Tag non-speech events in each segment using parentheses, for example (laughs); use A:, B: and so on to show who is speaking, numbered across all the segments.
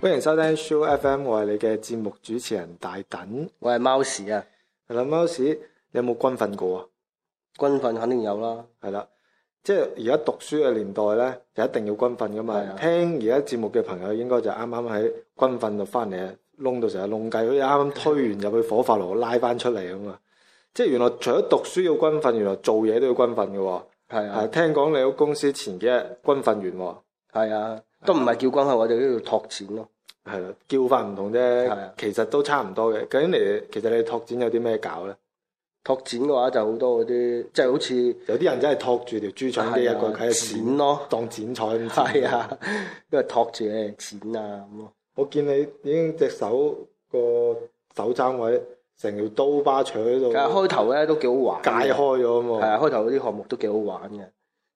A: 歡迎收聽 Show FM，我係你嘅節目主持人大等，我係貓屎啊，係啦，貓屎你有冇軍訓過啊？軍訓肯定有啦，係啦，即係而家讀書嘅年代咧，就一定要軍訓噶嘛。的聽而家節目嘅朋友應該剛剛，應該就啱啱喺軍訓度翻嚟，窿到成日窿計，好似啱啱推完入去火化爐拉翻出嚟啊嘛。即係原來除咗讀書要軍訓，原來做嘢都要軍訓嘅。係，是啊、聽講你喺公司前幾日軍訓完喎。係啊，是啊、都唔係叫軍訓，我哋呢度拓展咯。係咯，叫法唔同啫，是啊、其實都差唔多嘅。究竟你其實你拓展有啲咩搞咧？拓展嘅話就多好多嗰啲，即係好似有啲人真係托住條豬腸呢一個，佢係剪咯，當剪彩咁。係啊，因為托住你剪啊咁咯。我見你已經隻手個手踭位。成條刀疤長喺度。其實開頭咧都
B: 幾好玩。解開咗啊嘛。係、那個、啊，開頭嗰啲項目都幾好玩嘅，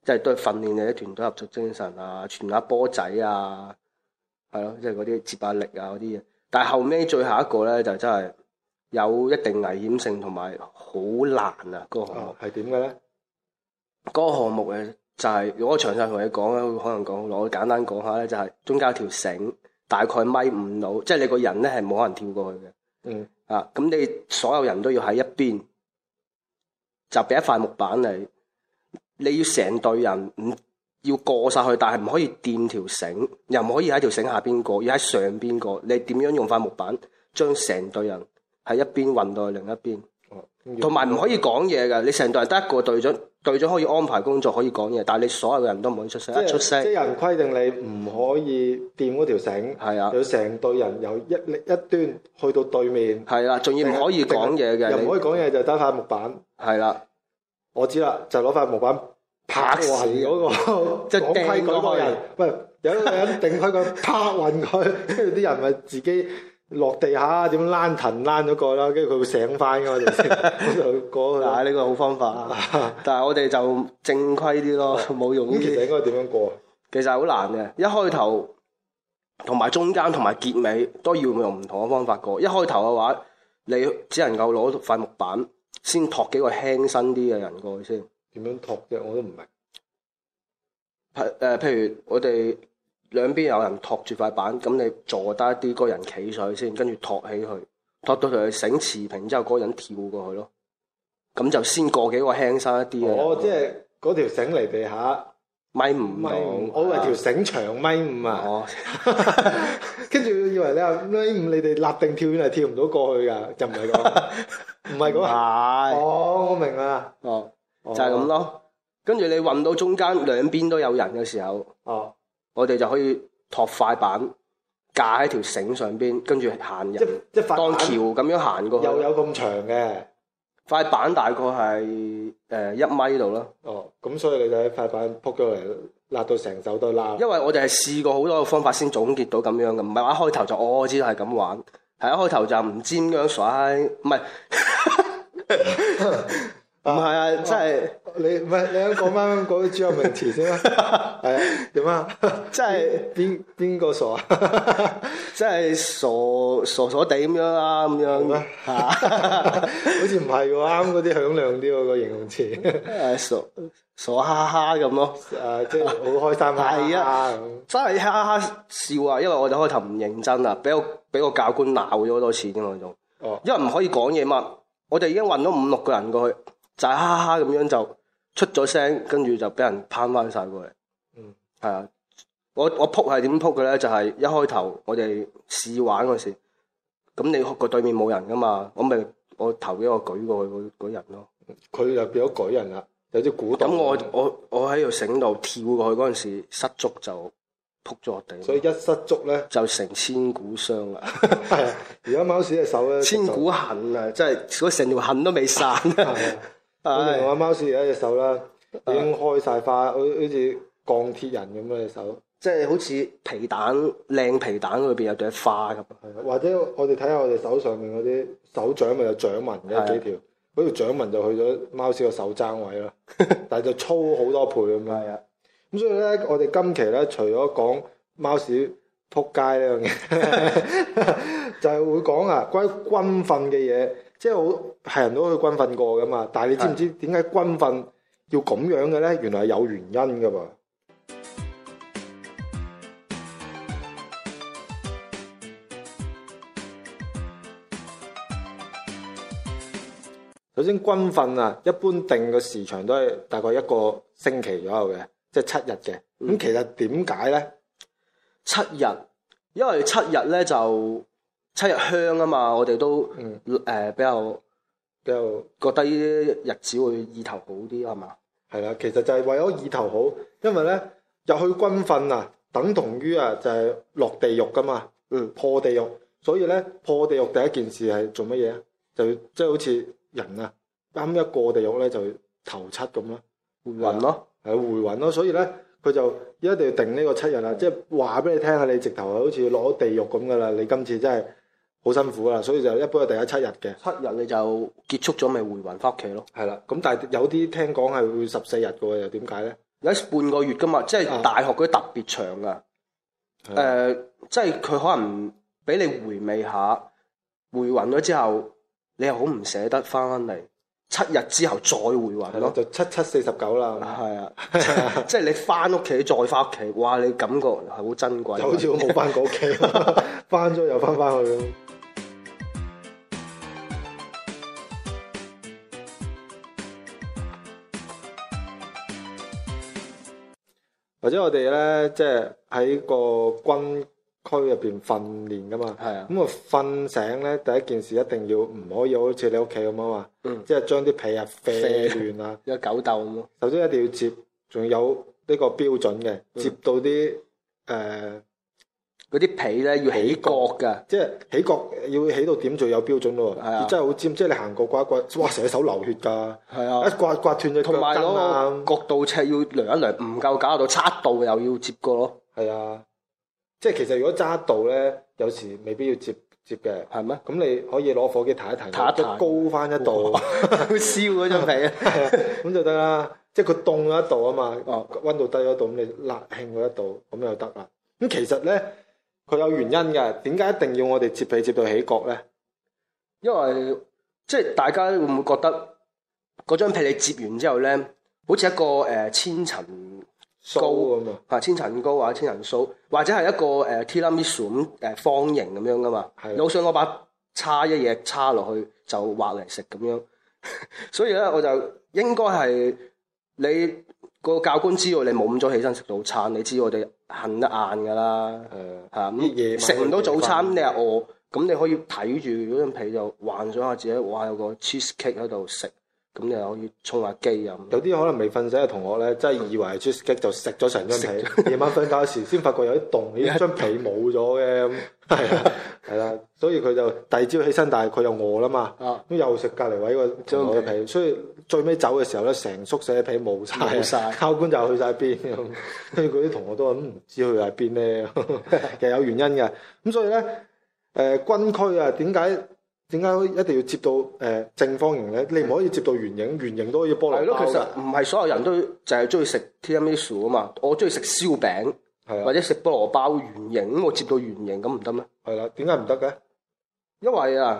B: 即係都係訓練你啲團隊合作精神啊，傳下波仔啊，係咯、啊，即係嗰啲接力啊嗰啲嘢。但係後尾最後一個咧就真係有一定危險性同埋好難啊！嗰、那個項目係點嘅咧？嗰、哦、個項目誒、就是，就係如果我詳細同你講咧，可能講，我簡單講下咧，就係中間有條繩，大概米五度，即係你個人咧係冇可能跳過去嘅。嗯，啊，咁你所有人都要喺一邊，就俾一塊木板你，你要成隊人唔要過晒去，但係唔可以墊條繩，又唔可以喺條繩下邊過，要喺上邊過。你點樣用塊木板將成隊人喺一邊運到去另一邊？同埋唔可以講嘢嘅，你成隊人得一個隊長，隊長可以安排工作，可以講嘢，但係你所有嘅人都唔可以出聲，是出聲即人
A: 規定你唔可以掂嗰條繩，係啊，有成隊人由一一端去到對面，係啦、啊，仲要唔可以講嘢嘅，只你又唔可以講嘢就得塊木板，係啦、啊，我知啦，就攞、是、塊木板拍死嗰、那個， (laughs) 就掟嗰、那個、個人，喂，有一個人掟開佢拍暈佢，跟住啲人咪自己。落地下點樣攔藤攔咗過啦，跟住佢會醒翻噶，我哋就過啊！呢個好方法。 (laughs) 但係我哋就正規啲咯，冇 (laughs) 用呢啲。呢段應該點樣過？
B: 其實好難嘅，一開頭同埋中間同埋結尾都要用唔同嘅方法過。一開頭嘅話，你只能夠攞塊木板先托幾個輕身啲嘅人過去先。點樣托啫？我都唔明。譬、呃、譬如我哋。兩邊有人托住塊板，咁你坐低一啲，嗰個人企上去先，跟住托起佢，托到佢繩持平之後，嗰個人跳過去咯。咁就先過幾個輕生一啲啊！我即係嗰條繩嚟地下米五，
A: 我以為條繩長米五啊！跟住以為你話米五，你哋立定跳遠係跳唔到過去噶，就唔係咁，唔係咁啊！哦，我明啦。
B: 哦，就係咁咯。跟住你運到中間，兩邊都有人嘅時候。哦。我哋就可以托塊板架喺條繩上邊，跟住行人當橋咁樣行過去。又有咁長嘅塊板大，大概係誒一米度咯。哦，咁所以你就喺塊板撲咗嚟，辣到成手都辣。因為我哋係試過好多個方法先總結到咁樣嘅，唔係話一開頭就我知道係咁玩，係一開頭就唔知咁樣甩，唔係。 (laughs) (laughs)
A: 唔係啊，真係你唔係你講翻嗰個專用詞先啦，係啊，點 (laughs) 啊？啊真係邊邊個傻
B: 啊？ (laughs) 真係傻傻傻地咁樣啦、啊，咁樣、啊，吓、啊？ (laughs) 好似唔係喎，啱嗰啲響亮啲嗰、啊嗰個形容詞，誒、 (laughs) 啊，傻傻哈哈咁咯、啊，誒、啊，即係好開心啊，係 (laughs) 啊，真係哈哈笑啊，因為我就開頭唔認真啊，俾我俾個教官鬧咗好多次添啊，仲，哦，因為唔可以講嘢嘛，我就已經混咗五六個人過去。就哈哈哈咁樣就出咗聲，跟住就俾人攀翻晒過嚟。
A: 嗯，
B: 係啊，我我撲係點撲嘅咧？就係、是、一開頭我哋試玩嗰時，咁你哭個對面冇人噶嘛，我咪我頭幾個舉過去嗰人咯。佢就變咗舉人啦，有啲古代。咁我我我喺條繩度跳過去嗰陣時，失足就撲咗落地。所以一失足咧，就成千古傷啊！係啊，
A: 而家貓屎隻手咧，千古恨啊！即係嗰成條恨都未散。 (laughs) (laughs) 你明唔明貓屎有一隻手啦，已經開晒花，好好似鋼鐵人咁樣隻手，即係好似皮蛋靚皮蛋裏邊有朵花咁。係或者我哋睇下我哋手上面嗰啲手掌，咪有掌紋嘅的幾條，嗰條掌紋就去咗貓屎個手踭位咯， (laughs) 但係就粗好多倍咁樣。啊 (laughs) 的，咁所以咧，我哋今期咧，除咗講貓屎撲街呢樣嘢， (laughs) (laughs) (laughs) 就係會講啊，關於軍訓嘅嘢。即係好，係人都去軍訓過噶嘛，但係你知唔知點解軍訓要咁樣嘅咧？原來係有原因噶噃。首先 (noise) 軍訓啊，一般定嘅時長都係大概一個星期左右嘅，即係七日嘅。咁、嗯、其實點解咧？七日，因為七日咧就。
B: 七日香啊嘛，我哋都誒、嗯呃、比較比較覺得呢啲日
A: 子會意頭好啲係嘛？係啦，其實就係為咗意頭好，因為咧入去軍訓啊，等同於啊就係落地獄㗎嘛，嗯破地獄，所以咧破地獄第一件事係做乜嘢啊？就即係、就是、好似人啊啱一過地獄咧就要頭七咁咯，回魂咯，係回魂咯，所以咧佢就一定要定呢個七日啦，即係話俾你聽啊，你直頭係好似落咗地獄咁㗎啦，你今次真係～好辛苦啦，所以就一般係第一七日嘅。七日你就結束咗，咪回魂翻屋企咯。係
B: 啦，咁但係有啲聽講係會十四日嘅，又點解咧？有啲半個月噶嘛，即係大學嗰啲特別長啊。誒的、呃，即係佢可能俾你回味下，回魂咗之後，你又好唔捨得翻翻嚟。七日之後再回魂咯，就七七四十九啦。係啊，即係、就是、你翻屋企再翻屋企，哇！你感覺係好珍貴。好似我冇翻過屋企，
A: 翻咗 (laughs) (laughs) 又翻翻去咯。或者我哋咧，即係喺個軍區入邊訓練噶嘛，咁啊瞓醒咧，第一件事一定要唔可以好似你屋企咁樣嘛，即係將啲被啊扯亂啊， (laughs) 有狗竇咁。首先一定要摺，仲有呢個標準嘅，摺到啲誒。呃嗰啲皮咧要起角噶，即係起角要起到點，最有標準咯。係啊，真係好尖，即係你行過刮刮，哇成手流血噶。係啊，一刮刮斷隻腳筋啊。同埋
B: 嗰個角度尺要量一量，唔夠搞到差度又要
A: 接過咯。係啊，即係其實如果差一度咧，有時未必要接接嘅。係咩？咁你可以攞火機睇一睇，再高翻一度，燒嗰張皮，咁就得啦。即係佢凍咗一度啊嘛，哦，溫度低咗一度，咁你辣興嗰一度，咁就得啦。咁其實咧。佢有原因嘅，點解一定要我哋接被接到起角咧？因為即係大家會唔會覺得
B: 嗰張被你接完之後咧，好似一個誒千層糕咁啊，千層糕或者千層酥，或者係一個誒 tissue 咁方形咁樣噶嘛？老實的，我把叉一嘢叉落去就劃嚟食咁樣， (laughs) 所以咧，我就應該係你個教官知道你冇咁早起身食早餐，你知我哋。瞓得晏㗎啦，誒嚇咁夜食唔到早餐你餓，你又餓，咁你可以睇住嗰張被就幻想下自己，哇有個 cheese cake 喺度食，咁你又可
A: 以充下機咁。有啲可能未瞓醒嘅同學咧，真係以為 cheese cake 就食咗成張被，夜吃了 晚瞓覺時先發覺有啲凍，依張被冇咗嘅。 (laughs) 係啦，所以佢就第二朝起身，但係佢又餓啦嘛，咁、啊、又食隔籬位個張皮，所以最尾走嘅時候咧，成宿舍皮冇晒，了教官就去晒邊？跟住嗰啲同學都話唔知去喺邊咧， (laughs) 其實有原因嘅。咁所以咧，誒、呃、軍區啊，點解點解一定要接到誒、呃、正方形咧？你唔可以接到圓形，圓形都可以菠蘿包。係咯，其實
B: 唔係所有人都就係中意食 T N T 薯啊嘛，我中意食燒餅。或者食菠蘿包圓形，我接到圓形咁唔得咩？係啦，點解唔得嘅？因為啊，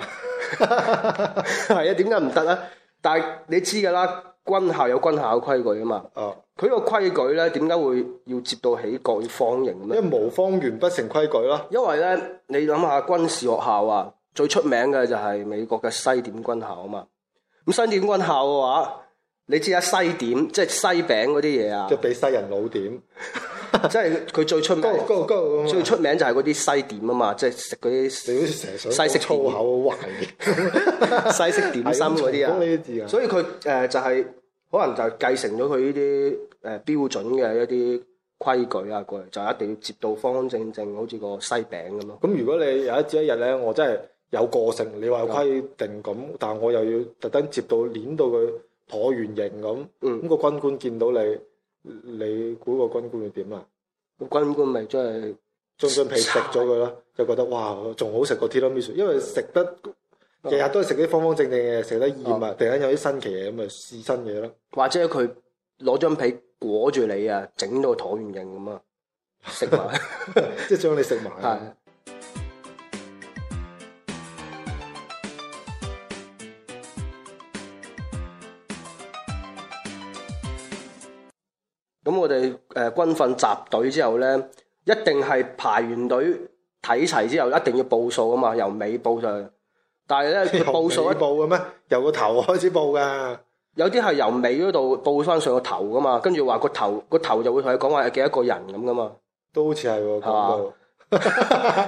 B: 係啊， (laughs) 點解唔得咧？但係你知噶啦，軍校有軍校嘅規矩啊嘛。啊！佢個規矩咧，點解會要接到起角方形咧？因為無方圓不成規矩咯。因為咧，你諗下軍事學校啊，最出名嘅就係美國嘅西點軍校啊嘛。咁西點軍校嘅話，你知啊，西點即係西餅嗰啲嘢啊，即係俾西人老點。 (laughs) 即係佢最出名，最出名就係嗰啲西點啊嘛，啊即係食嗰啲少成西式粗口環嘅西式點心嗰啲啊。所以佢誒、呃、就係、是、可能就繼承咗佢呢啲誒標準嘅一啲規矩
A: 啊，過嚟就是、一定要接到方方正正，好似個西餅咁咯。咁如果你有一朝一日咧，我真係有個性，你話有規定咁，嗯、但係我又要特登接到攣到佢橢圓形咁，咁、個軍官見到你。嗯你估個軍官會點啊？個軍官咪即係將張被食咗佢咯， (laughs) 就覺得哇，仲好食過鐵板米粉，因為食得日日的都係食啲方方正正嘅，食得厭啊，突然間有啲新奇嘢咁咪試新嘢咯，或者佢攞張被裹住你啊，整到個橢圓形咁啊，食埋，即係將你食埋。
B: 誒、呃，軍訓集隊之後咧，一定係排完隊睇齊之後，一定要報數啊嘛，由尾報上去。
A: 但係咧，報，報數係報嘅咩？由個頭開始報噶。有
B: 啲係由尾嗰度報翻上個頭噶嘛，跟住話個頭個頭就會同你講話係幾多個人咁噶嘛。
A: 都好似係喎，
B: 係嘛？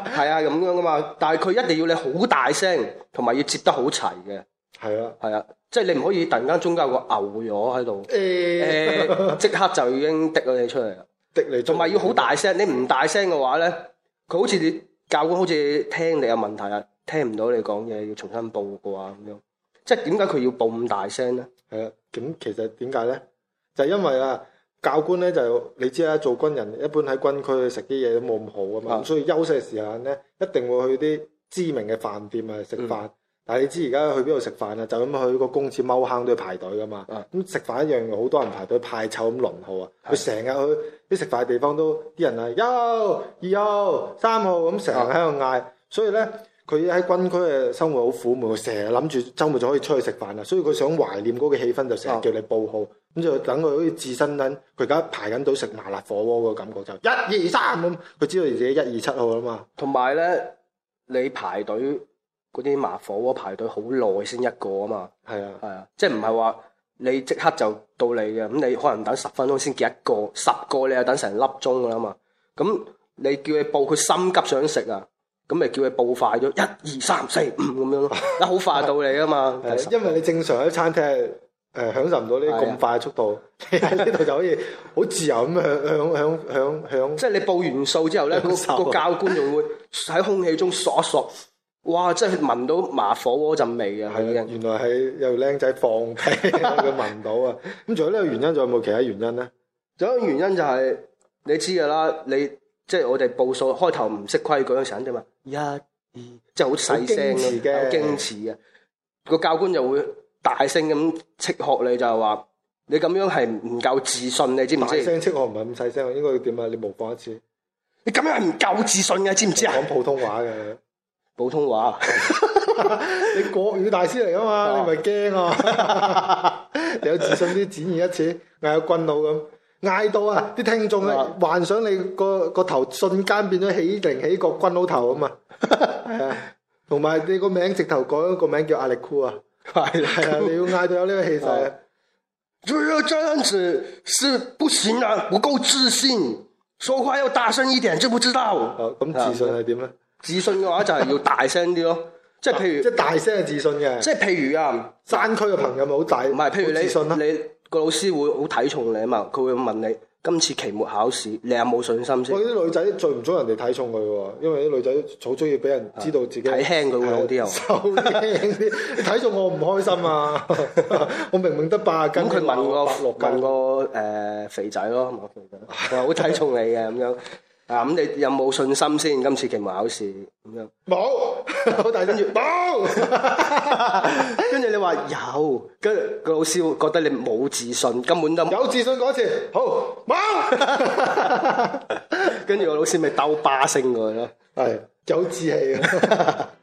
B: 係啊，咁樣噶嘛。但係佢一定要你好大聲，同埋要接得好齊嘅。係啊，係啊。即係你唔可以突然間中間有個牛咗喺度，誒，即刻就已經滴咗你出嚟啦。滴你，唔係要好大聲，你唔大聲嘅話咧，佢好似你教官好似聽你有問題啊，
A: 聽唔到你講嘢，要重新報個話咁樣。即係點解佢要報咁大聲咧？係啦，咁其實點解咧？就係因為啊，教官咧就你知啦，做軍人一般喺軍區食啲嘢，都冇咁好啊嘛，咁的所以休息嘅時間咧，一定會去啲知名嘅飯店啊食飯。嗯但你知而家去邊度食飯啊？就咁去個公廁踎坑都要排隊噶嘛？咁、嗯、食飯一樣好多人排隊派籌咁輪號啊！佢成日去啲食飯地方都啲人啊，一二號、三號咁成日喺度嗌。所以咧，佢喺軍區嘅生活好苦悶，成日諗住周末就可以出去食飯啦。所以佢想懷念嗰個氣氛，就成日叫你報號，咁、嗯、就等佢好似置身緊佢而家排緊隊食麻辣火鍋個感覺，就是，就一二三咁。佢、嗯、知道自己一二七號啦嘛。同埋咧，你排隊。
B: 嗰啲麻火鍋排隊好耐先一個啊嘛，係啊係啊，即係唔係話你即刻就到嚟嘅，咁你可能等十分鐘先結一個，十個你又等成粒鐘噶啦嘛。咁你叫佢報，佢心急想食啊，咁咪叫佢報快咗，一二三四五咁樣咯，好快到你啊嘛。
A: (laughs) 因為你正常喺餐廳誒享受唔到呢啲咁快嘅速度，喺呢度就可以好自由咁響響響響
B: 響。即係你報完數之後咧，個收收教官仲會喺空氣中嗦一嗦。哇！真係聞到麻火嗰陣味啊。係啊，原來係有靚仔放屁，佢聞到啊！咁除咗呢個原因，仲有冇其他原因咧？仲有原因就係你知噶啦，你即係我哋報數開頭唔識規矩嗰陣啫嘛，一二，即係好細聲嘅，好矜持啊。個教官就會大聲咁斥喝你，就係話你咁樣係唔夠自信，你知唔知？大聲斥
A: 喝唔係咁細聲，應該要點啊？你模仿一次。
B: 你咁樣係唔夠自信嘅，知唔知啊？講普通話嘅。普通話， (laughs) (laughs) 你
A: 國語大師嚟啊嘛，你咪驚啊！你啊 (laughs) 有自信啲展現一次，嗌個軍佬咁嗌到啊！啲聽眾咧幻想你個個頭瞬間變咗起定起個軍佬頭啊嘛！係啊，同埋你名個名直頭改咗個名叫阿力箍啊！係 (laughs) 啊，你要嗌到有呢個氣勢。這個樣子是不行啊，我夠、 (laughs) 嗯哦、自信，說
B: 話要大聲一點，知唔知道？好，咁自信係點咧？自信嘅話就係要大聲啲咯，即係譬如即係大聲係自信嘅，即係譬如啊，山區嘅朋友咪好大，唔係，譬如你你個老師會好睇重你啊嘛，佢會問你今次期末考試你有冇信
A: 心先？我啲女仔最唔中意人哋睇重佢嘅，因為啲女仔好中意俾人知道自己睇輕佢會好啲啊，收輕啲，睇重我唔開心啊，我明明得八
B: 斤六斤，六斤，我誒肥仔咯，我肥仔，我好睇重你嘅咁樣。啊！咁你有冇信心先？今次期末考試咁樣，
A: 冇，好大
B: 聲跟住冇，跟住你話有，跟住個老師覺得你冇自信，根本都冇自信嗰次，
A: 好冇，
B: 跟住個老師咪兜巴星過佢咯，係
A: 有志氣。 (laughs)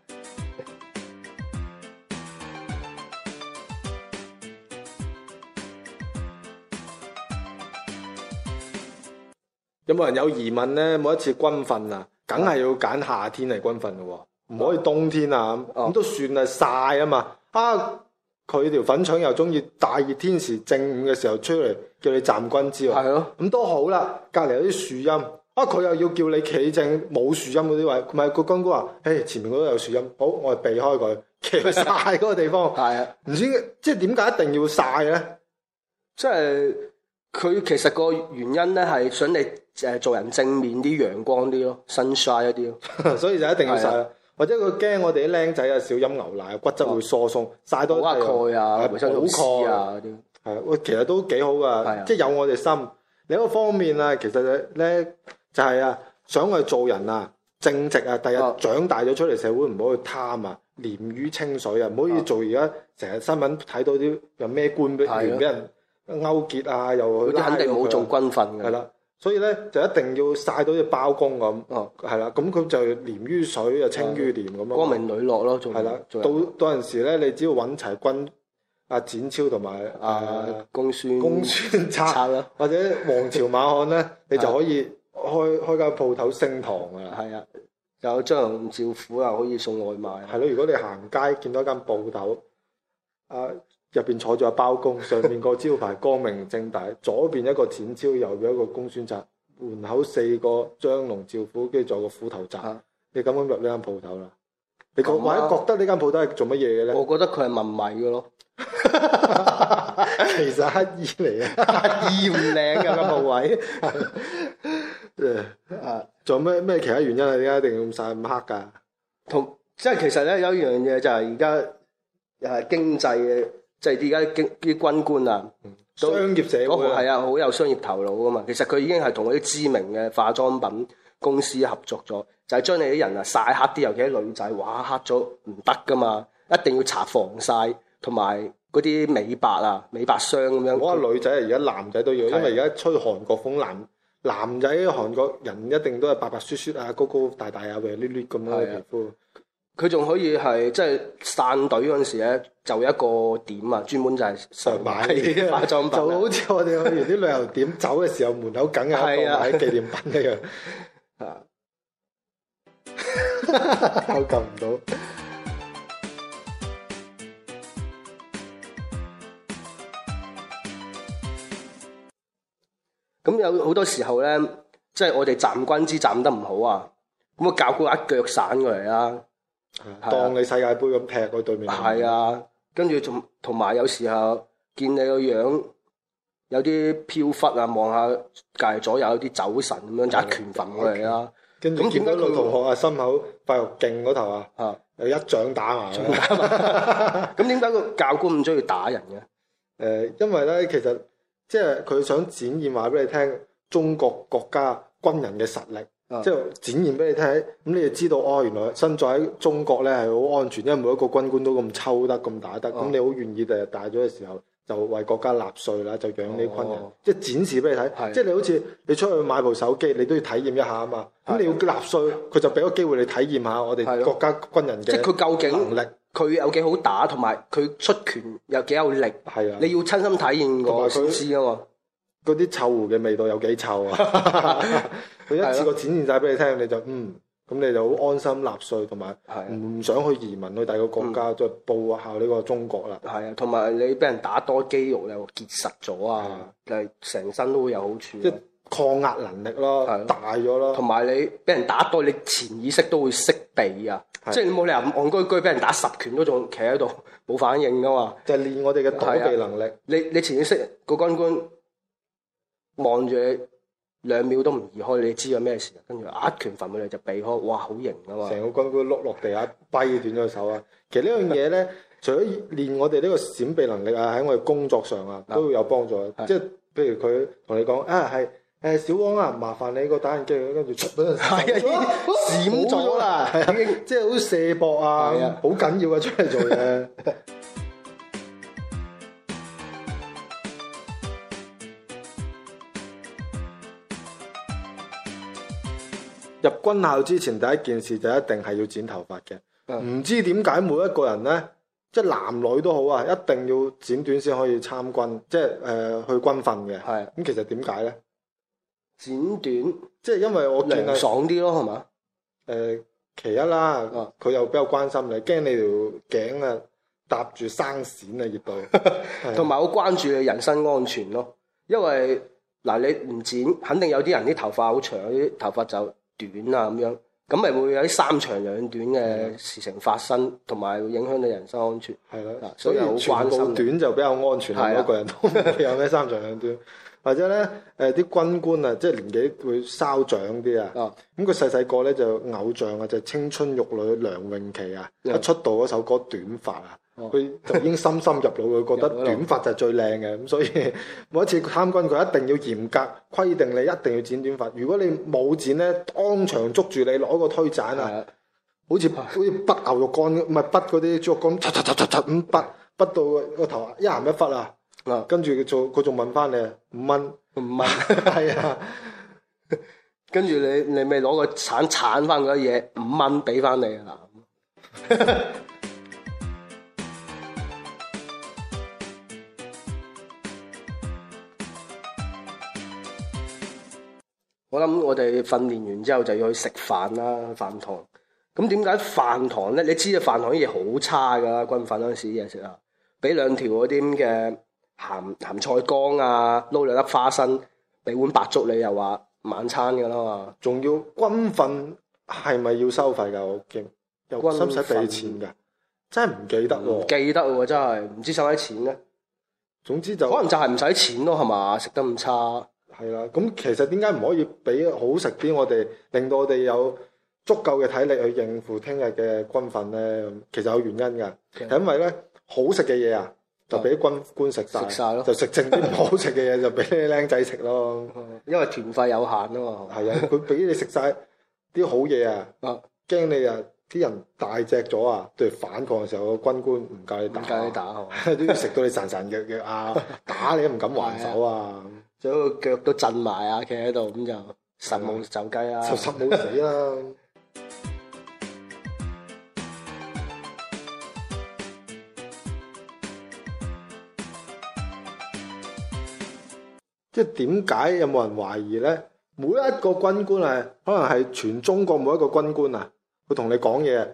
A: 有冇人有疑問咧？每一次軍訓啊，梗係要揀夏天嚟軍訓嘅喎，啊，唔可以冬天啊咁。哦，都算啦晒啊嘛。啊，佢條粉腸又中意大熱天時正午嘅時候出嚟叫你站軍姿。係咯，咁都好啦。隔離有啲樹蔭，啊，佢又要叫你企正冇樹蔭嗰啲位，唔係個軍官話，誒，前面嗰度有樹蔭，好，我哋避開佢，企喺曬嗰個地方。係 (laughs) 是啊，唔知即係點解一定要曬咧？
B: 即係佢其實個原因咧，係想你。誒做人正面啲陽光啲咯，sunshine 一啲咯，晨晨
A: (laughs) 所以就一定要曬。是啊、
B: 或者佢驚我哋啲僆
A: 仔啊，少飲牛奶，骨質會疏鬆，曬多啲補鈣啊，補鈣抗啊嗰啲。係、 (laughs) 啊，我其實都幾好噶，即係是、啊、有我哋心。另一方面啊，其實咧就係、是、啊，就是、想去做人啊正直啊，第日長大咗出嚟社會唔好去貪啊，廉於清水啊，唔好去做而家成日新聞睇到啲又咩官俾人俾人勾結啊，又去拉。嗰啲肯定冇做軍訓嘅。係啦。所以咧就一定要曬到隻包公咁，哦，係啦，咁佢就廉於水又清於廉咁，光明磊落咯，仲係啦，到到陣時咧，你只要揾齊軍阿展昭同埋阿公孫公孫策，或者王朝馬漢咧，你就可以開開間鋪頭升堂噶啦。係啊，有張龍趙虎啊，可以送外賣。係咯，如果你行街見到間鋪頭，啊～入邊坐住阿包公，上面個招牌，光明正大，左邊一個展昭，右邊一個公孫策，門口四個張龍趙虎，跟住仲有個虎頭鍘。啊、你咁樣入呢間鋪頭啦？
B: 你覺、啊、或者覺
A: 得間呢間鋪頭係做乜嘢嘅咧？我覺得佢係文秘嘅咯。
B: (laughs) (laughs) 其
A: 實黑衣嚟嘅，衣唔靚嘅鋪位。誒啊，仲有咩咩其他原因啊？點解一定要咁晒咁黑噶？同即係其實咧
B: 有一樣嘢就係而家又係經濟嘅。即係而家啲啲軍官都商業啊，都嗰個係啊，好有商業頭腦噶嘛。其實佢已經係同嗰啲知名嘅化妝品公司合作咗，就係、是、將你啲人啊曬黑啲，尤其啲女仔，哇黑咗唔得噶嘛，一定要搽防曬同埋嗰啲美白啊、美白霜
A: 咁樣。唔好話女仔啊，而家男仔都要，是的 因為而家吹韓國風男，男男仔韓國人一定都係白白雪雪啊、高高大大啊、肥溜溜咁樣嘅。皮佢仲可以
B: 係即係散隊嗰陣時咧，就一個點啊，專門就係上買化妝品，就
A: 好似我哋去完啲旅遊點 (laughs) 走嘅時候門口梗係一個買紀念品一樣啊，教唔 (laughs) (laughs) 到
B: 咁 (laughs) (laughs) 有好多時候咧，即係我哋站軍姿站得唔好啊，咁啊教官一腳散過嚟啦。啊、當你世界盃咁踢佢對面，係啊，跟住仲同埋有時候見你個樣有啲飄忽啊，望下隔籬左右有啲走神咁樣，就一、啊、拳揼佢你啦。
A: 咁見到個同學是啊，心口發到勁嗰頭啊，又一掌打埋。咁點解個教官唔中意打人嘅？誒，因為咧，其實即係佢想展現話俾你聽，中國國家軍人嘅實力。即係展現俾你睇，咁你就知道哦，原來身在喺中國咧係好安全，因為每一個軍官都咁抽得咁打得，咁你好願意第日大咗嘅時候就為國家納稅啦，就養啲軍人，即係展示俾你睇。即係你好似你出去買部手機，你都要體驗一下啊嘛，咁你要納稅，佢就俾個機會你體驗下我哋國家軍人嘅能力，即係佢究竟，
B: 佢有幾好打，同埋佢出拳又幾有力。係啊，你要親身體
A: 驗過先知啊嘛。嗰啲臭狐嘅味道有幾臭啊！佢 (laughs) 一次過展現晒俾你聽，你就嗯，咁你就好安心納稅，同埋唔唔想去移民去第二個國家，嗯、就報下呢個中國啦。係啊，同埋你俾人打多肌肉你又
B: 結實咗啊，就係成身都會有好處，即係抗壓能力咯，啊、大咗咯。同埋你俾人打多，你潛意識都會識避啊，即係你冇理由咁戇居居俾人打十拳都仲企喺度冇反應噶嘛。就係練我哋嘅躲避能力。啊、你你潛意識個軍官，官。望住你兩秒都唔移開，你知有
A: 咩事。跟住一拳揈你就避開。哇，好型啊嘛！成個軍官碌落地下，跛斷咗手啊！其實呢樣嘢咧， (laughs) 除咗練我哋呢個閃避能力啊，喺我哋工作上啊，都有幫助。的即係譬如佢同你講啊，係誒小王啊，麻煩你個打緊機，跟住出嗰陣時閃咗啦，即係好射波啊，好緊要啊，出嚟做嘢。 (laughs) 入軍校之前，第一件事就一定係要剪頭髮嘅，唔、嗯、知點解每一個人呢，即、就、係、是、男女都好啊，一定要剪短先可以參軍，即係誒去軍訓嘅。係的，咁、嗯、其實點解呢？剪短，即係因為我涼爽啲咯，係嘛？誒，其一啦，佢、啊、又比較關心你，驚你條頸啊搭住生癬啊，熱度，同埋好關注你人
B: 身安全咯。因為嗱，你唔剪，肯定有啲人啲頭髮好長，啲頭髮就。短啊，咁樣，咁咪會有啲三長兩短嘅事情發生，
A: 同埋會影響你人身安全。係咯的、啊，所以好關心。短就比較安全，的一個人都冇有咩三長兩短。或者咧，誒、呃、啲軍官啊，即係年紀會稍長啲啊。咁佢細細個咧就偶像啊，就是、青春玉女梁詠琪啊。啊，一出道嗰首歌短髮啊，佢、啊、就已經深深入腦，佢覺得短髮就係最靚嘅。咁所以每一次參軍，佢一定要嚴格規定你一定要剪短髮。如果你冇剪咧，當場捉住你攞個推斬啊，啊好似好似剮牛肉乾，唔係剮嗰啲豬肉乾，嚓嚓嚓嚓咁剮剮到個頭一鹹一忽啊！嗯、跟住佢做，佢仲問翻你五蚊，五蚊係啊！ (laughs) (laughs) 跟住
B: 你，你咪攞個鏟鏟翻嗰啲嘢，五蚊俾翻你啊！ (laughs) (music) 我諗我哋訓練完之後就要去食飯啦，飯堂。咁點解飯堂咧？你知啊，飯堂啲嘢好差噶啦，軍訓嗰陣時嘢食啊，俾兩條嗰啲咁嘅。鹹鹹菜乾啊，撈兩粒花生，俾碗白粥你又話晚餐噶啦嘛，
A: 仲要軍訓係咪要收費噶？我驚又軍訓使唔使俾錢噶？真係唔記得喎，唔記得喎，啊，真係唔知使唔使錢咧。總之就可能就
B: 係唔使錢咯，係嘛？食得咁
A: 差，係啦。咁其實點解唔可以俾好食啲我哋，令到我哋有足夠嘅體力去應付聽日嘅軍訓咧？其實有原因噶，係因為咧好食嘅嘢啊。就俾啲軍官食晒食晒咯，就食剩啲唔好食嘅嘢就俾你僆仔食咯。 (laughs) 因為團費有限啊嘛。係 (laughs) 啊，佢俾你食晒啲好嘢啊，驚 (laughs) 你啊！啲人大隻咗啊，對反抗嘅時候，個軍官唔教你打，唔教你打，係嘛？都要食到你孱孱弱弱啊！ (laughs) 打你都唔敢還手啊！仲要 (laughs) 腳都震埋啊，企喺度咁就神武走雞啦，神武死啦！即係點解有冇人懷疑咧？每一個軍官啊，可能係全中國每一個軍官啊，佢同你講嘢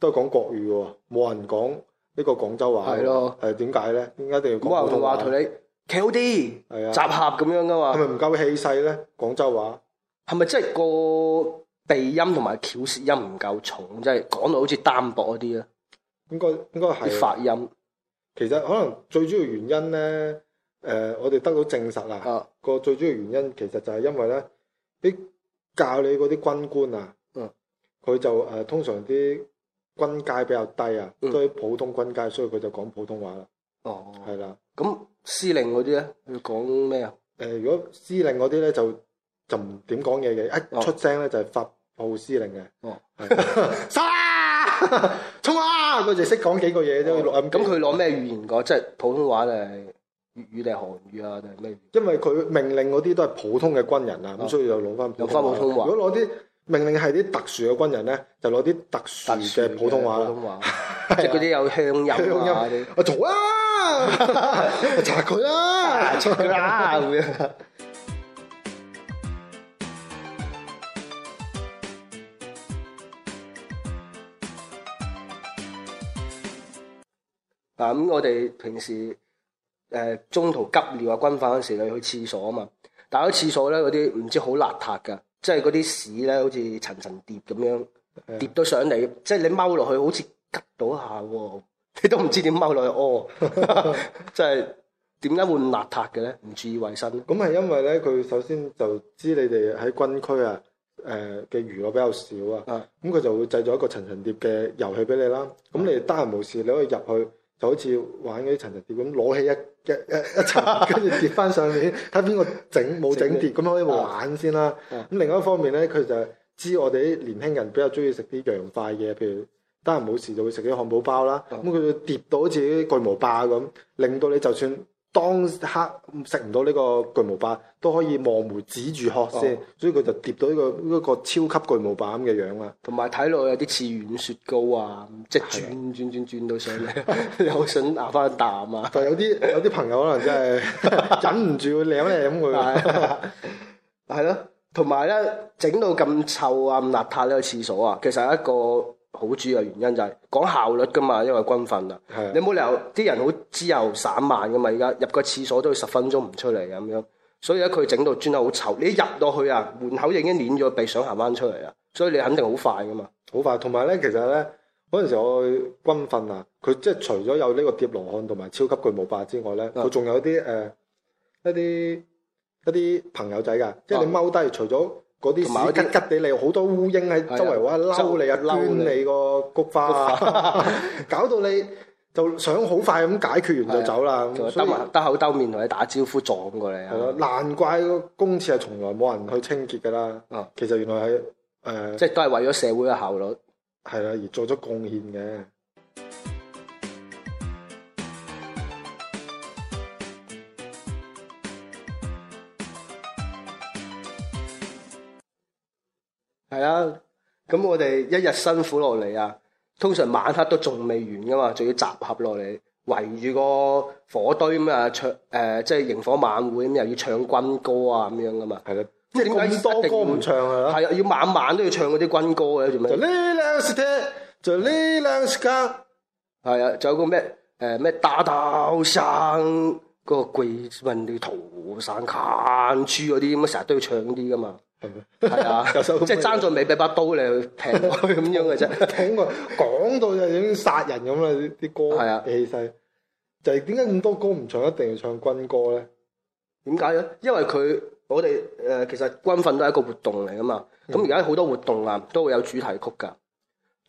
A: 都係講國語嘅，冇人講呢個廣州話。係咯的。係點解咧？點解一定要講普通話同你企好 l l 啲集合咁樣噶嘛？係咪唔夠氣勢咧？廣州話係咪即係
B: 個鼻音同埋翹舌音唔夠重，即係講到好似單薄嗰啲咧？
A: 應該應該係。啲發音其實可能最主要原因咧。誒、呃，我哋得到證實啦。個最主要原因其實就係因為咧，啲教你嗰啲軍官啊，佢就誒、呃、通常啲軍階比較低啊，都係、嗯、普通軍階，所以佢就講普通話啦。哦，係啦的。咁司令嗰啲咧，佢講咩啊？誒、呃，如果司令嗰啲咧就就唔點講嘢嘅，一出聲咧就係發號司令嘅。哦，殺啦的、 (laughs) 啊！衝啊！佢就識講幾個嘢啫。咁佢攞咩語言講？ (laughs) 即係普通話定粵語定係韓語啊？定係咩？因為佢命令嗰啲都係普通嘅軍人啊，咁、哦、所以就攞翻普通話。如果攞啲命令係啲特殊嘅軍人咧，就攞啲特殊嘅普通話啦、 (laughs) (laughs) 啊。即係嗰啲有鄉音嘅。我做壁啊！我拆佢啦！
B: 拆佢啦！
A: 咁
B: 我哋平時。誒中途急尿啊，軍訓嗰陣時你去廁所啊嘛，但係喺廁所咧嗰啲唔知好邋遢㗎，即係嗰啲屎咧好似層層疊咁樣疊到上嚟，即係你踎落去好似吉
A: 到下喎，你都唔知點踎落去哦，即係點解會邋遢嘅咧？唔注意衞生。咁係因為咧，佢首先就知你哋喺軍區啊，誒嘅娛樂比較少啊，咁佢就會製造一個層層疊嘅遊戲俾你啦。咁你得閒無事你可以入去。就好似玩嗰啲層層疊，咁，攞起一一一層，跟住跌翻上面，睇邊個整冇整跌咁可以玩先啦。咁、啊、另外一方面咧，佢就知我哋啲年輕人比較中意食啲洋快嘅，譬如得閒冇事就會食啲漢堡包啦。咁佢、啊、就疊到好似啲巨無霸咁，令到你就算，當刻食唔到呢個巨無霸都可以望梅止住渴先，哦、所以佢就跌到呢、呢個一、呢個超級巨無霸咁嘅樣啊，同埋睇落有啲似軟雪糕啊，即係轉的轉
B: 轉轉，轉到上嚟，有想咬翻啖啊！但有啲有啲朋友可能真係忍唔住會舐嚟舐佢，係咯。同埋咧整到咁臭啊、咁邋遢呢個廁所啊，其實係一個。好主要嘅原因就係講效率㗎嘛，因為軍訓啊，的你冇理由啲人好自由散漫㗎嘛。而家入個廁所都要十分鐘唔出嚟咁樣，所以咧佢整到磚頭好臭，你一入到去啊，門口已經捏咗
A: 鼻想行翻出嚟啊，所以你肯定好快㗎嘛，好快。同埋咧，其實咧嗰陣時我軍訓啊，佢即係除咗有呢個疊羅漢同埋超級巨無霸之外咧，佢仲有啲誒一啲、呃、一啲朋友仔㗎，即係你踎低除咗。嗯嗰啲屎吉吉地，你好多烏蠅喺周圍一嬲的你一嬲你個你菊花 (laughs) 搞到你就想好快咁解決完就走啦。兜的所以兜口兜面同你打招呼撞過嚟。係咯的，嗯、難怪個公廁係從來冇人去清潔噶啦。啊，其實原來係誒，呃、即係都係為咗社會嘅效率係啦，而做咗貢獻嘅。
B: 係啊，咁我哋一日辛苦落嚟啊，通常晚黑都仲未完噶嘛，仲要集合落嚟圍住個火堆咁啊唱，誒即係營火晚會咁，又要唱軍歌啊咁樣噶嘛。係啦、啊，即係點解要多歌唔唱係咯？係啊，要晚、啊、晚都要唱嗰啲軍歌咧，做咩？就呢兩時間，就呢兩時間。係啊，仲、 (music) 啊、有個咩誒咩打倒山、那個鬼混啲逃散砍豬嗰啲，咁啊成日都要唱啲噶嘛。係啊，即係爭咗尾俾把刀你去劈開咁樣嘅啫，
A: 聽過講到就已經殺人咁啦啲歌，係啊氣勢。就係點解咁多歌唔唱一定要唱軍歌
B: 咧？點解咧？因為佢我哋誒，其實軍訓都係一個活動嚟噶嘛。咁而家好多活動啊，都會有主題曲噶，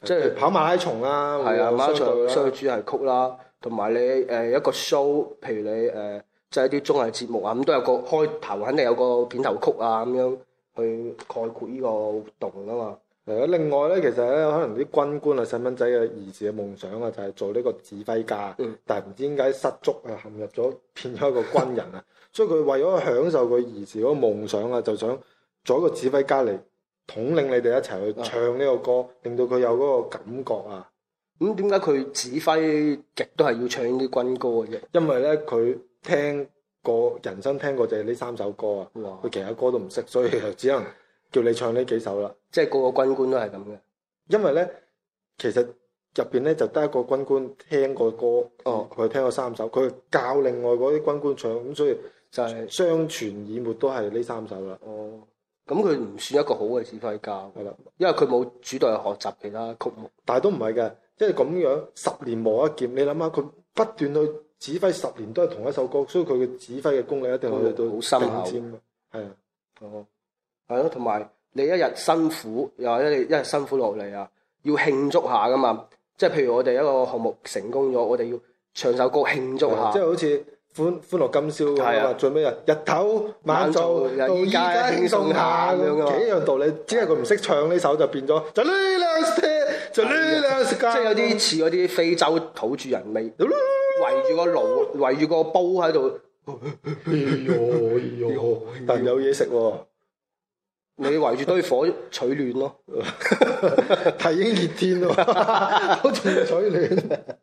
B: 即係跑馬拉松啦，係啊，馬拉松都有主題曲啦。同埋你誒一個 show，譬如你誒即係一啲綜藝節目啊，咁都有個開頭，肯定有個片頭曲啊咁樣。去概括呢個
A: 活動啊嘛。另外呢，其實呢，可能啲軍官啊、細蚊 (music) 仔嘅兒時嘅夢想啊，就係、係、做呢個指揮家。嗯、但係唔知點解失足啊，陷入咗變咗一個軍人啊。 (laughs) 所以佢為咗享受佢兒時嗰個夢想啊，就想做一個指揮家嚟統領你哋一齊去唱呢個歌，嗯、令到佢有嗰個感覺啊。咁點解佢指揮極都係要唱呢啲軍歌嘅？因為呢，佢聽個人生聽過就係呢三首歌啊，佢哇其他歌都唔識，所以就只能叫你唱呢幾首啦。即係個個軍官都係咁嘅，因為呢，其實入邊呢就得一個軍官聽過歌，哦，佢聽過三首，佢教另外嗰啲軍官唱，咁所以就係、是、相傳以沫都係呢三首啦。哦，咁佢唔算一個好嘅指揮家，係啦的，因為佢冇主動去學習其他曲目，嗯、但係都唔係㗎，即係咁樣十年磨一劍，你諗下佢不斷去。指揮十年都係同一首歌，所以佢嘅指揮嘅功力一定去到好深奧。係啊，哦，係咯，同埋你一
B: 日辛苦又一你一日辛苦落嚟啊，要慶祝下㗎嘛。即係譬如我哋一個項目成功咗，我哋要唱首歌慶祝下。即係好
A: 似歡歡樂今宵咁啊！最尾日日頭晚晝日依家輕鬆下咁樣嘅，一樣道理。只係佢唔識唱呢首就變咗。就呢兩天，就呢兩時即係有啲似嗰啲
B: 非洲土著人味。圍住個爐，圍住個煲喺度。
A: 但有嘢食喎。 (laughs) 你圍住堆火取暖咯，係已經熱天咯，好似取暖。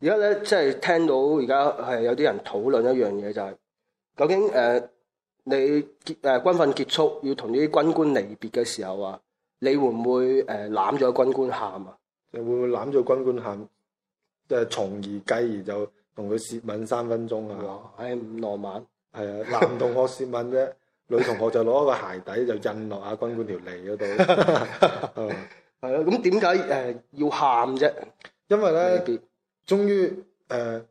A: 而
B: 家咧，即係聽到而家係有啲人討論一樣嘢，就係、是、究竟誒。呃你結誒軍訓結束，要同呢啲軍官離別嘅時候
A: 啊，你會唔會誒攬咗個軍官喊啊？你會唔會攬咗軍官喊？即係誒，從而繼而就同佢舌吻三分鐘啊！誒，唔、哎、浪漫。係啊，男同學舌吻啫，女同學就攞個鞋底就印落 (laughs) (laughs) 啊軍官條脷嗰度。係啊，咁點解誒要喊啫？因為咧，離別 終於誒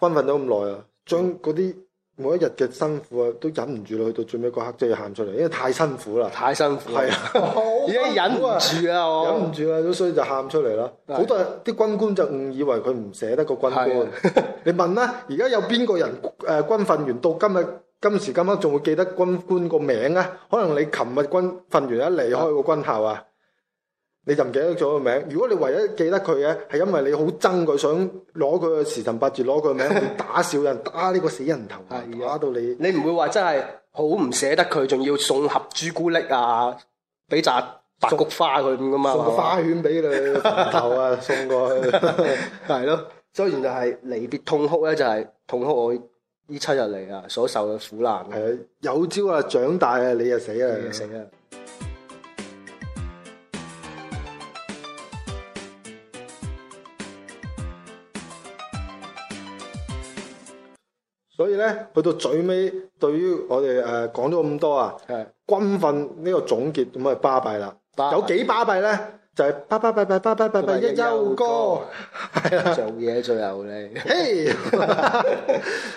A: 軍訓咗咁耐啊，將嗰啲。每一日嘅辛苦啊，都忍唔住咯，去到最尾嗰刻即係喊出嚟，因為太辛苦啦，太辛苦係啊，已經、啊、忍唔住啦，忍唔住啦，所以就喊出嚟啦。好的多啲軍官就誤以為佢唔捨得個軍官，是的 (laughs) 你問啦、啊，而家有邊個人誒軍訓完到今日今時今刻仲會記得軍官個名啊？可能你琴日軍訓完一離開個軍校啊？你就唔記得咗個名？如果你唯一記得佢嘅，係因為你好憎佢，想攞佢個時辰八字攞佢個名去打小人，打呢個死人頭，打到你。
B: 你唔會話真係好唔捨得佢，仲要送盒朱古力啊，俾紮白菊花佢咁噶嘛？送個吧 花
A: 圈俾佢，頭啊 (laughs) 送過去
B: (laughs) (laughs) 係咯，雖然就係離別痛哭咧，就係痛哭我呢七日嚟
A: 啊所受嘅苦難。係，有朝啊長大啊，你啊死啦！ (laughs) 所以咧，去到最尾，對於我哋誒講咗咁多啊，軍訓呢個總結咁啊巴閉啦，有幾巴閉咧？就係巴巴閉閉巴巴閉閉一休哥，啊，做嘢最有力
B: 嘿，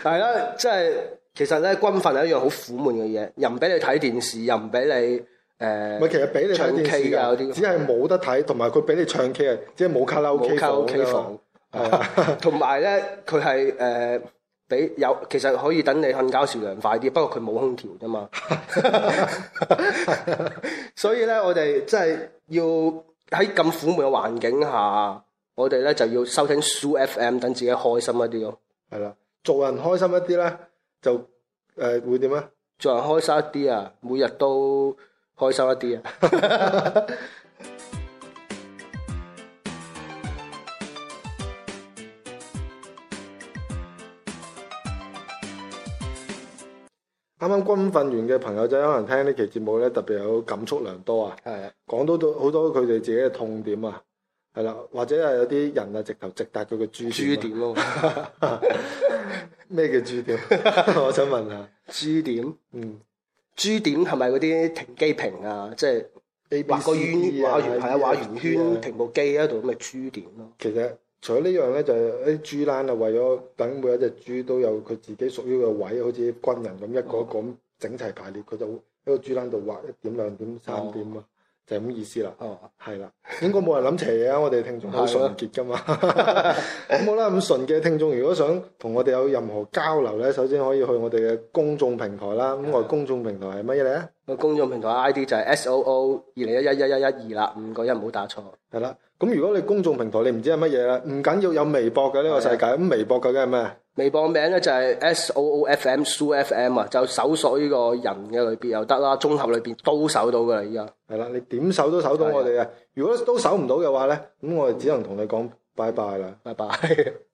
B: 係啦，即係其實咧，軍訓係一樣好苦悶嘅嘢，又唔俾你睇電視，又唔俾你誒，唔係其實俾你唱 K 噶，
A: 只係冇得睇，同埋佢俾你唱 K 啊，即係冇卡拉 OK 卡拉 OK 房
B: 啦。同埋咧，佢係誒。俾有，其實可以等你瞓覺時涼快啲，不過佢冇空調啫嘛。 (laughs) (laughs) (laughs) 所以咧，我哋真係要喺咁苦悶嘅環境下，我哋咧就要收聽 Soo FM，等自己開心一啲咯。
A: 係啦，做人開心一啲咧，就誒、呃、會點啊？
B: (laughs) 做人開心一啲啊，每日都開心一啲啊。 (laughs)
A: 啱啱軍訓完嘅朋友仔可能聽期節呢期節目咧，特別有感觸良多啊！講的到到好多佢哋自己嘅痛點啊，係啦，或者係有啲人啊，直頭直達佢嘅豬豬點咯。咩 (laughs) 叫豬點？ (laughs)
B: 我想問下豬點？嗯，豬點係咪嗰啲停機坪啊？即
A: 係畫個圈，畫圓圈，畫圓圈停部機喺度咁咪豬點咯、啊。其實。除咗呢樣咧，就係啲豬欄啊，為咗等每一隻豬都有佢自己屬於嘅位，好似啲軍人咁一個一個咁整齊排列，佢就會喺個豬欄度畫一點、兩點、三點啊。哦就咁意思啦，哦，係啦，應該冇人諗邪嘢啊！ (laughs) 我哋聽眾好純潔噶嘛，咁好啦，咁純嘅聽眾，如果想同我哋有任何交流咧，首先可以去我哋嘅公眾平台啦。咁我哋公眾平台係乜嘢咧？
B: 個公眾平台 I D 就係 S O O
A: 二零一一一一一二啦，五個一唔好打錯。係啦，咁如果你公眾平台你唔知係乜嘢咧，唔緊要，有微博嘅呢、呢個世界，咁的微博究竟係咩？微博名咧就係 SOOFM，SUFM
B: 啊，就搜索呢個人嘅裏邊又得啦，綜合裏邊都搜到噶啦，而家
A: 係啦，你點搜都搜到我哋啊！如果都搜唔到嘅話咧，咁我哋只能同你講拜拜啦，拜拜。 (laughs)